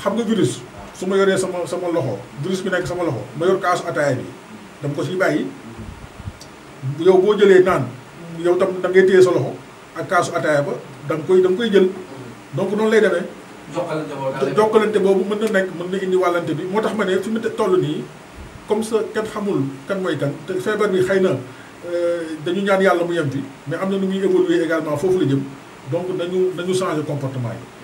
xam nga virus su ma yoree sama sama loxo virus bi nekk sama loxo ma yor kaasu ataaya bi dama ko si bàyyi yow boo jëlee naan yow tam da ngay téye sa loxo ak kaasu ataaya ba da koy da koy jël donc noonu lay demee. jokkalante boobu jokkalante boobu mën na nekk mën na indi wàllante bi moo tax ma ne fi toll nii comme ça kenn xamul kan mooy kan te feebar bi xëy na euh, dañu ñaan yàlla mu yem fi mais am na nu muy évoluer également foofu la jëm donc nañu nañu changer comportement yi.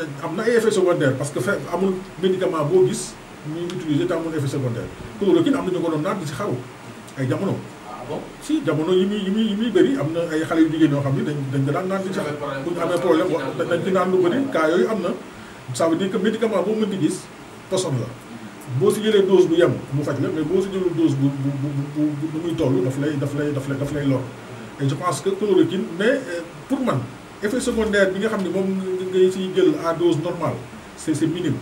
am na ay effets parce que fe amul médicament boo gis ñuy utiliser te amul effet secondaire chloroquine am na ñu ko doon naan di si xaru ay jamono. Ah bon si jamono yi muy yi muy bëri am na ay xale yu jigéen ñoo xam ne dañ dañ daan naan di si xaru bu ñu amee problème dañ ci naan lu bëri cas yooyu am na ça veut dire que médicament boo mën di gis poson la boo si jëlee dose bu yem mu faj la mais boo si jëlee dose bu bu bu bu muy toll daf lay daf lay daf lay daf lay lor et pense que chloroquine mais euh, pour man effet secondaire bi nga xam ne moom ngay siy jël à dose normale c' est c' est minime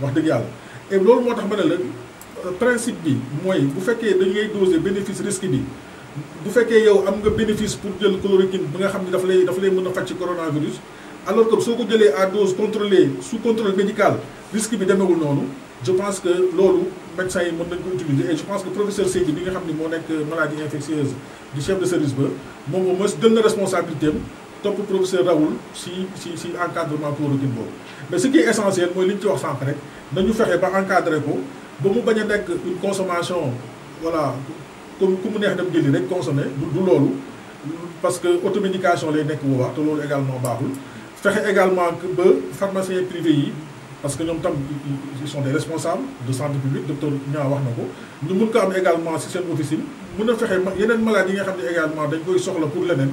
wax dëgg yàlla et loolu moo tax ma ne la euh, principe bi mooy bu fekkee dañ ngay doser bénéfice risque bi bu fekkee yow am nga bénéfice pour jël chloroquine bi nga xam ne daf lay daf lay mën a coronavirus alors que soo ko jëlee à dose contrôlée sous contrôle médical risque bi demewul noonu je pense que loolu médecins yi mën nañ ko utiliser et je pense que professeur Seydi bi nga xam ne moo nekk maladie infectieuse du chef de service ba moom au moins jël na responsabilité topp professeur Raoul si si si encadrement chloroquine boobu mais ce qui est essentiel mooy li ñu ci wax sànq rek nañu fexe ba encadré ko ba mu bañ a nekk une consommation voilà comme ku mu neex dem jëli rek consommé du loolu parce que automédication lay nekk bu baax te loolu également baaxul fexe également que ba pharmaciens privés yi parce que ñoom tam ils sont de santé publique docteur ñaa wax na ko ñu mun ko am également si seen officine mun a fexe yeneen maladies yi nga dañ koy soxla pour leneen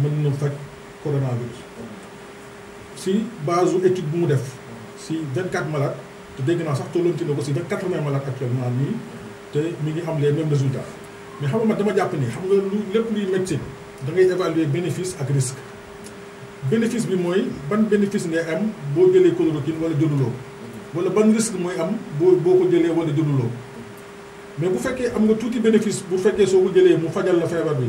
mën na faj coronavirus si base étude bu mu def si 24 malades te dégg naa sax tolloon ci na ko si 80 malades actuellement nii te mi ngi am les mêmes résultats mais xam nga man dama jàpp ni xam nga lu lépp luy médecine da ngay évaluer bénéfice ak risque bénéfice bi mooy ban bénéfice ngay am boo jëlee chloroquine wala jëluloo wala ban risque mooy am boo boo ko jëlee wala jëluloo mais bu fekkee am nga tuuti bénéfice bu fekkee soo ko jëlee mu fajal la feebar bi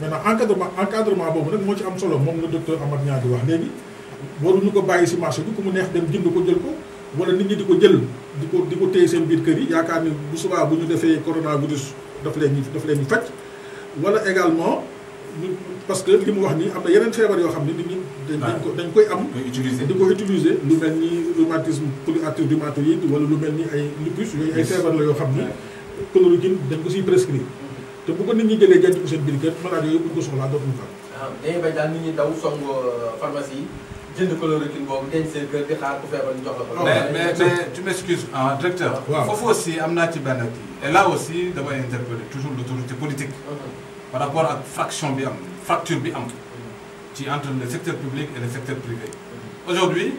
maintenant encadrement encadrement boobu nag moo ci am solo moom la docteur Amath Niang di wax léegi waruñu ko bàyyi si marché bi ku mu neex dem jënd ko jël ko wala nit ñi di ko jël di ko di ko téye seen biir kër yi yaakaar ni bu subaa bu ñu defee coronavirus daf leen ñu daf leen ñu faj wala également parce que li mu wax nii am na yeneen feebar yoo xam ne nit ñi dañ ko dañ koy am di ko utiliser lu mel ni rhumatisme polyarthrite yi wala lu mel ni ay lupus yooyu ay la yoo xam ni chloroquine dañ ko siy prescrire te bu ko nit ñi jëlee jënd ko seen biir kër maladie yëpp ko soxlaa dootuñu ko am. dañuy ah, bañ daal nit ñi daw song euh, pharmacie yi jënd chloroquine boobu denc seen kër di xaar ku feebar ñu jox la ko. mais mais tu m'excuses ah directeur. waaw foofu aussi am ci benn kii. et là aussi damay interpeller toujours l'autorité politique. Mhm. par rapport à fraction bi am fracture bi am. Mhm. ci entre le secteur public et le secteur privé. aujourd'hui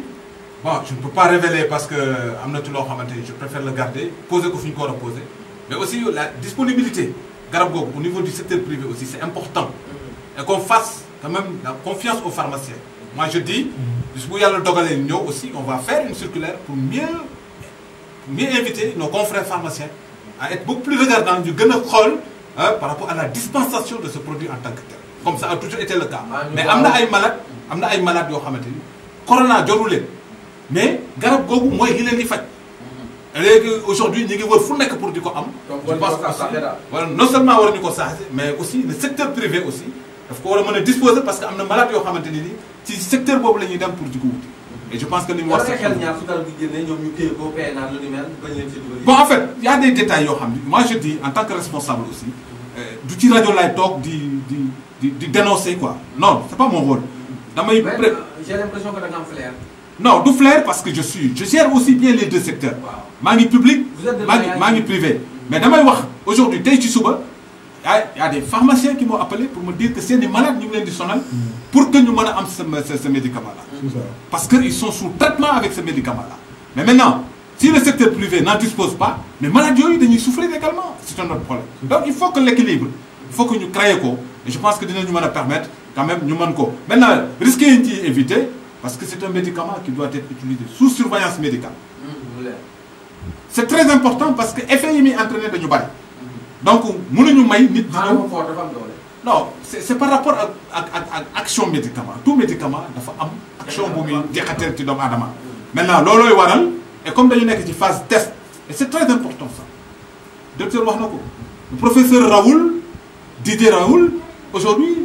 bon je ne peux pas révéler parce que euh, am na ci loo je préfère le garder poser ko fu ñu ko war poser mais aussi la disponibilité garab au niveau du secteur privé aussi c'est important et qu'on fasse quand même la confiance aux pharmaciens moi je dis bis mm-hmm. bu aussi on va faire une circulaire pour mieux mieux inviter nos confrères pharmaciens à être beaucoup plus regardants du gën euh, par rapport à la dispensation de ce produit en tant que tel comme ça a toujours été le cas ah, mais y a ay malades am malade ay malades corona mais garab moi il li leen léegi aujourd'hui ñu ngi wër fu nekk pour di ko am. je pense que non seulement war ñu ko saase mais aussi le secteur privé aussi daf ko war a disposer parce que amna malade yo xamanteni ne ni ci secteur bobu lañuy dem pour diko ko et je pense que ni mu wax. xel ñaar su dal gu génnee ñom ñu téye ko PNA lu ni mel bañ leen ci dugal. bon en fait y a des détails yo xamni moi je dis en tant que responsable aussi euh, du ci radio lay tok di di di di dénoncer quoi non c'est pas mon rôle. damay pré j'ai l'impression que da nga am flair. Non, du parce que je suis. Je gère aussi bien les deux secteurs. Mani public, mani privé. Mais demain, aujourd'hui, dès Souba, il y a des pharmaciens qui m'ont appelé pour me dire que c'est des malades qui sonal mm. pour que nous avons ce, ce, médicament-là. Parce qu'ils sont sous traitement avec ce médicament-là. Mais maintenant, si le secteur privé n'en dispose pas, les maladies, ils souffrent également. C'est un autre problème. Donc il faut que l'équilibre, il faut que nous créions. Et je pense que nous allons nous permettre quand même, nous Maintenant, risquer d'éviter, parce que c'est un médicament qui doit être utilisé sous surveillance médicale. Mmh, c'est très important parce que FMI est entraîné de nous. Mmh. donc non c'est par rapport à l'action médicament tout médicament dafa am. action bu muy mmh. maintenant et comme dañu ci phase test et c'est très important ça docteur wax le professeur Raoul Didier Raoul aujourd'hui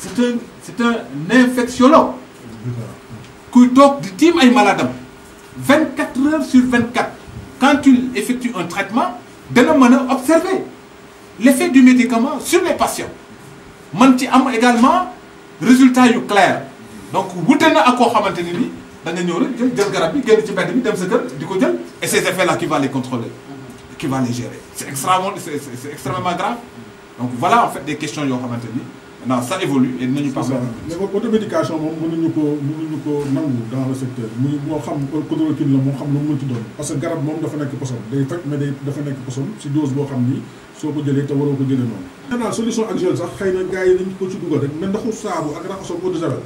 c'est un c'est kuy tok di tiim ay malade 24 heures sur 24 quand il effectue un traitement dana mën observer l'effet du médicament sur les patients man ci am également résultat yu clair donc wute na ak koo xamante ni da nga ñëw rek jël jël garab bi genn ci mbedd bi dem sa kër diko jël et ces effets là qui va les contrôler qui va les gérer c'est extrêmement c'est extrêmement grave donc voilà en fait des questions yo xamanteni maintenant ça évolue et dinañu parler. ko mënuñu ko nangu dans le xam chloroquine xam lu mu parce que garab moom dafa nekk nekk poson si dose boo xam ni solution ak sax xëy na gars yi dañu ko ci dugal rek mais ndoxu saabu ak raxasoo eau javel.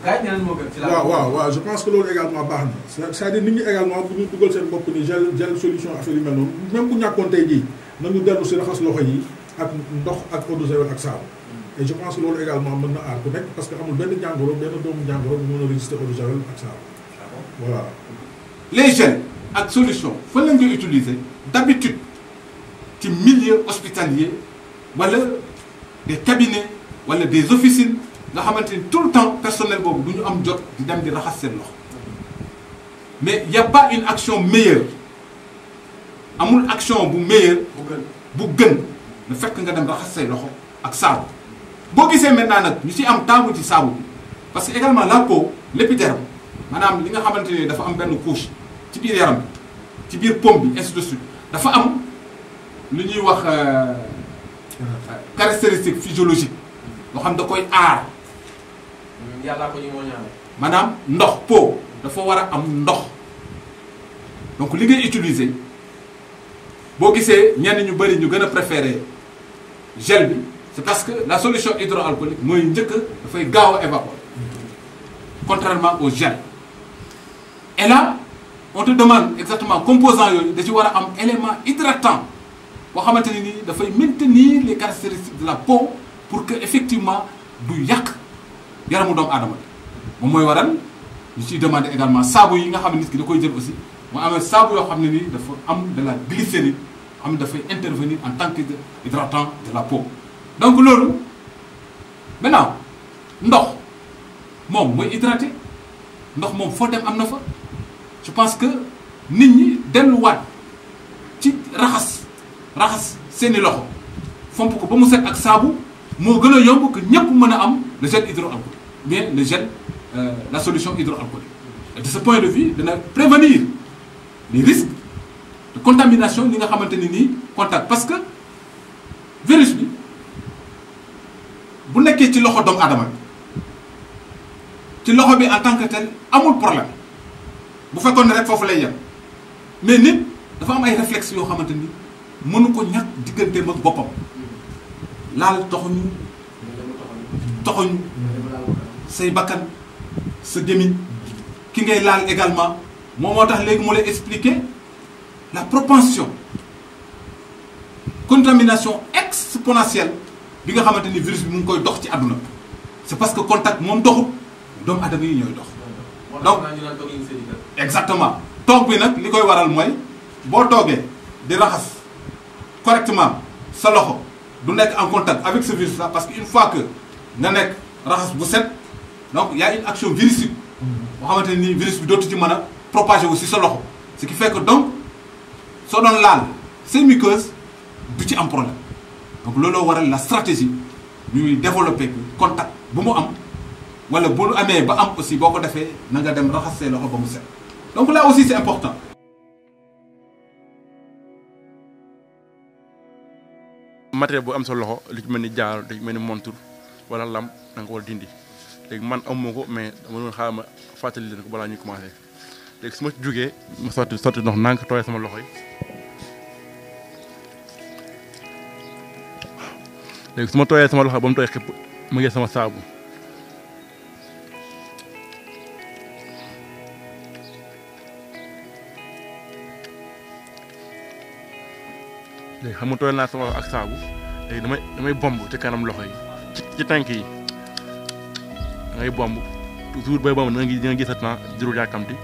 waaw waaw je pense que loolu également baax na. cest à nit ñi également bu ñu dugal seen bopp ni gel gel solution affaire mel noonu même bu ñàkkoon tey jii nañu dellu si raxas loxo yi ak ndox ak eau de javel ak saabu et je pense que également parce que doomu ah les gels ak solution utiliser d'habitude ci milieu hospitalier wala des cabinets wala des officines nga gens tout le temps personnel ont duñu am jot dem di y a pas une action meilleure amul action bu meilleure bu gën bu gën na nga dem raxas qui vous maintenant si am taamu ci parce que également la peau l'épiderme madame, li nga xamante dafa am couche ci biir yaram la ci ainsi de suite dafa am lu ñuy wax euh, euh, caractéristique physiologique xam da peau donc li ngay utiliser vous gel c'est parce que la solution hydroalcoolique mooy njëkk dafay gaaw a évaporer contrairement au gel et là on te demande exactement composant yooyu da ci a am élément hydratant pour xamante ni nii maintenir les caractéristiques de la peau pour que effectivement du yak yaramu dom aadama bi moom waral ñu ci demandé également saabu yi nga xamni ne nit ki da koy jël aussi mo am saabu yo xamni ni nii dafa am de la glycérine am fay intervenir en tant que hydratant de la peau donc loolu maintenant ndox mom mooy hydraté ndox mom fo dem amna fa je pense que nit ñi delluwaat ci raxas raxas seeni loxo fomp ko ba mu set ak sabu mo gën yomb que ñepp mëna am le gel hydroalcoolique mais le gel euh, la solution hydroalcoolique et de ce point de vue dana prévenir les risques de contamination li nga xamanteni ni contact parce que virus bi nekkee ci loxo doomu adama ci loxo bi en tant que tel amul problème bu fekkone rek fofu lay yem mais nit dafa am ay réflexe yo xamanteni mënu ko ñak digënté mak bopam laal toxuñu toxuñu say bakkan sa gémmiñ ki ngay laal également Mon moo tax léegi mu lay expliquer la propension contamination exponentielle bi nga xamanteni virus bi mu ngi koy dox ci aduna c'est parce que contact moom doxut doomu aadama yi ñooy dox. donc exactement toog bi nag li koy waral mooy boo toogee di raxas correctement sa loxo du nekk en contact avec ce virus là parce que une fois que nga nekk raxas bu set donc y a une action virusique boo xamante ni virus bi dootu ci mën a propager wu si sa loxo ce qui fait que donc soo doon laal ces muqueuses du ci am problème donc looloo waral la stratégie ñuy développé contact bu mu am wala bu lu amee ba am aussi boo ko defee na nga dem raxas loxo ba mu set donc là aussi c'est important matériel bu am sa loxo li ci mel ni jaaro lu ci mel ni montur wala lam da nga war a dindi léegi man amoo ko mais dama doon xaaral ma fàttali leen ko balaa ñuy commencé léegi su ma jugee ma sotti sotti ndox nànk tooyee sama loxo yi léegi su ma tooyee sama loxo ba mu tooy xëpp mu jël sama saabu léegi xam nga tooyal naa sama loxo ak saabu léegi damay damay bomb ci kanam loxo yi ci ci tànk yi da ngay bomb toujours bay bomb da nga da nga gis naa juru yàkkamti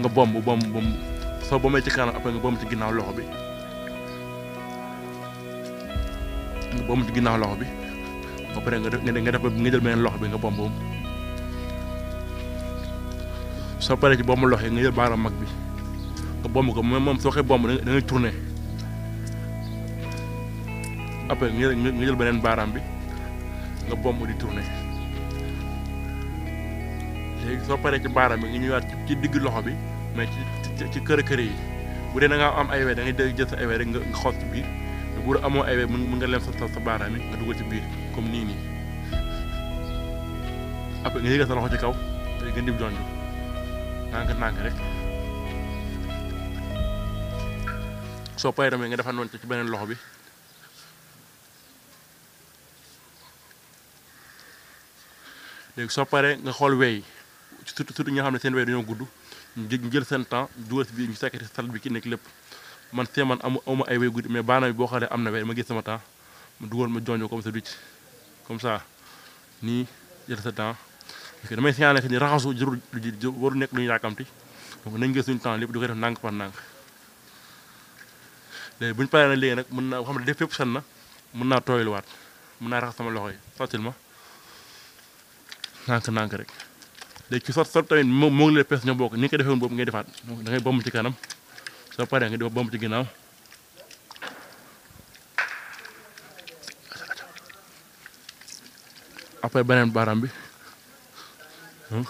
nga bomb bomb bomb soo bombee ci kanam après nga bomb ci ginnaaw loxo bi. nga bomb ci ginnaaw loxo bi ba pare nga def nga def nga jël beneen loxo bi nga bomb moom soo paree ci bomb loxo yi nga jël baaraam mag bi nga bomb ko moom moom da ngay da ngay tourné beneen baaraam bi nga bomb di tourné léegi soo paree ci baaraam bi nga ñëwaat ci digg loxo bi mais ci ci kër kër yi bu dee da ngaa am ay we da ngay jël sa ay we nga nga bi bu amoo ay we mën nga lem sa sa baaraam yi nga dugal ci biir comme nii nii après nga yëgal sa loxo ci kaw te nga dib jonj nànk nànk rek soo paree nga defar noonu ci beneen loxo bi léegi soo paree nga xool wey surtout surtout ñi nga xam ne seen wey dañoo gudd ñu jël seen temps dugal si biir ñu sakkati sal bi ki nekk lépp man see man amu amu ay way guddi mais baanaam boo xoolee am na weer ma gis sama temps ma dugal ma jonjo comme ça du ci comme sa nii jël sa temps parce que damay signalé que ni raxasu jërul waru nekk lu ñu yàkkamti donc nañ gis suñu temps lépp du koy def ndànk par ndànk léegi bu ñu paree mën naa xam ne def na mën naa tooyluwaat mën naa raxas sama loxo yi facilement nànk nànk rek léegi ci sot sot tamit moo moo ngi pees ñoo bokk ni nga ko defee woon boobu ngay defaat da ngay bomb ci kanam soo paree nga di ko bomb ci ginnaaw après beneen bi hmm.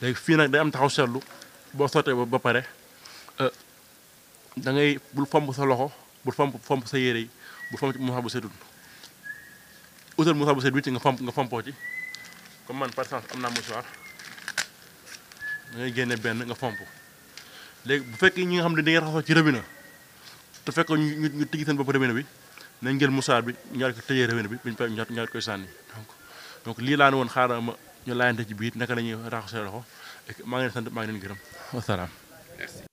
léegi fii nag day am taxaw seetlu boo sottee ba ba pare euh, dangay ngay bul fomp sa loxo bul fomp fomp sa yére yi bul fomp ci bu setul utal musaab bu nga fomp nga fompoo ci comme man par exemple am naa mouchoir da ngay génne benn nga fomp léegi bu fekkee ñi nga xam ne dañuy raxasoo ci robinet te fekk ñu ñu tëj seen bopp robinet bi nañ jël musaar bi ñaar ko tëjee robinet bi buñ paree ñaar koy sànni donc donc lii laa ne woon xaaral ma ñu laayante ci biir naka la ñuy raxasoo loxo maa ngi leen sant maa ngi leen gërëm wasalaam